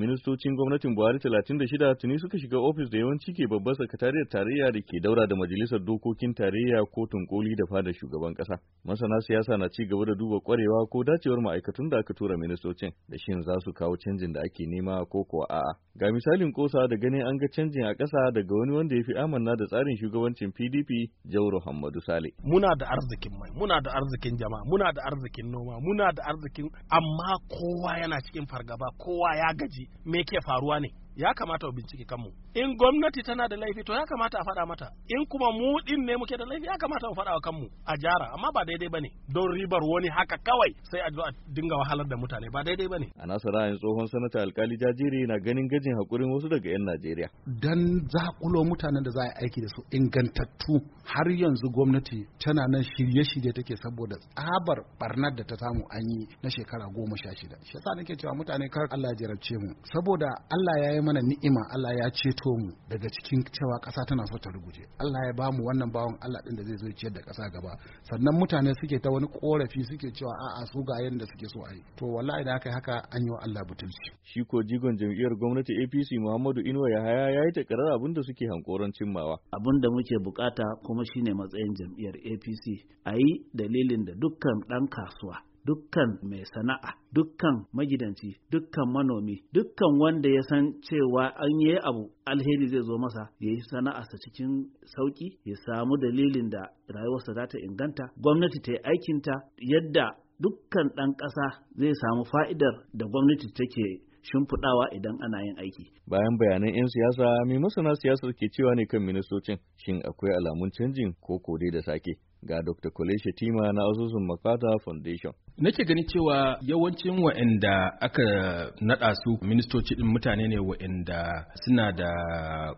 ministocin gwamnatin buhari 36 tuni suka shiga ofis da yawanci ke babbar sakatariyar tarayya da ke daura da majalisar dokokin tarayya kotun koli da fada shugaban kasa masana siyasa na ci gaba da duba kwarewa ko dacewar ma'aikatun da aka tura ministocin da shin za su kawo canjin da ake nema ko kuwa a'a ga misalin kosa da ganin an ga canjin a kasa daga wani wanda ya fi amanna da tsarin shugabancin pdp jauro hamadu sale muna da arzikin mai muna da arzikin jama'a muna da arzikin noma muna da arzikin amma kowa yana cikin fargaba kowa ya gaji me ke faruwa ne ya kamata mu bincike kanmu in gwamnati tana da laifi to ya kamata a faɗa mata in kuma mu din ne muke da laifi ya kamata mu faɗa wa kanmu a jara amma ba daidai bane don ribar wani haka kawai sai a zo a dinga wahalar da mutane ba daidai bane a nasa ra'ayin tsohon sanata alkali jajiri na ganin gajin hakurin wasu daga yan Najeriya dan zakulo mutanen da za a aiki da su ingantattu har yanzu gwamnati tana nan shirye-shirye take saboda tsabar barnar da ta samu an yi na shekara goma sha shida shi yasa nake cewa mutane kar Allah ya jarabce mu saboda Allah ya yi mana ni'ima Allah ya ce fito mu daga cikin cewa ƙasa tana so ta ruguje Allah ya bamu wannan bawan Allah din da zai zo ciyar da ƙasa gaba sannan mutane suke ta wani korafi suke cewa a'a su ga yanda suke so a yi to wallahi da kai haka an yi wa Allah butulci shi ko jigon jam'iyyar gwamnati APC Muhammadu Inuwa Yahaya ya yi takarar abin da suke hankoron cimmawa abin da muke bukata kuma shine matsayin jam'iyyar APC ayi dalilin da dukkan ɗan kasuwa dukkan mai sana'a dukkan magidanci dukkan manomi dukkan wanda ya san cewa an yi abu alheri zai zo masa ya yi sana'arsa cikin sauƙi ya samu dalilin da rayuwarsa za ta inganta gwamnati ta yi aikinta yadda dukkan ɗan ƙasa zai samu fa'idar da gwamnati take shimfiɗawa idan ana yin aiki. Bayan bayanan 'yan siyasa, mai masana siyasar ke cewa ne kan ministocin, shin akwai alamun canjin ko kore da sake? ga Dr. Kole Tima na asusun Makata Foundation. Nake ganin cewa yawancin wa'anda aka naɗa su ministoci ɗin mutane ne wa'anda suna da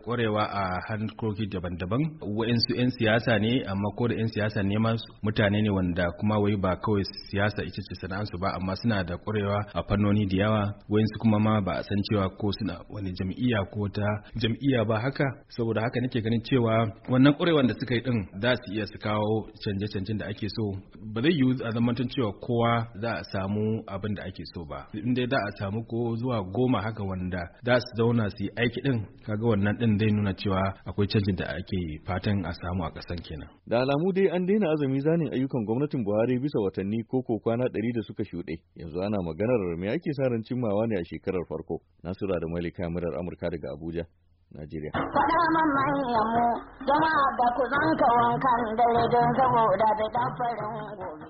ƙwarewa a harkoki daban-daban. Wa'ansu 'yan siyasa ne amma ko da 'yan siyasa ne ma mutane ne wanda kuma wai ba kawai siyasa ita ce sana'ansu ba amma suna da ƙwarewa a fannoni da yawa. Wa'ansu kuma ma ba a san cewa ko suna wani jam'iyya ko ta jam'iyya ba haka. Saboda haka nake ganin cewa wannan ƙwarewan da suka yi ɗin za su iya su kawo canje-canjen da ake so ba zai yiwu a zamantan cewa kowa za a samu abin da ake so ba inda za a samu ko zuwa goma haka wanda za su zauna su yi aiki din kaga wannan din zai nuna cewa akwai canjin da ake fatan a samu a kasan kenan da alamu dai an daina azumi zanin ayyukan gwamnatin buhari bisa watanni ko ko kwana ɗari da suka shuɗe yanzu ana maganar me ake sa ran cimmawa ne a shekarar farko nasura da malika murar amurka daga abuja Najeriya. Faɗa manyan mu, jama'a da ku zanka wankan dare don saboda bai farin gobe.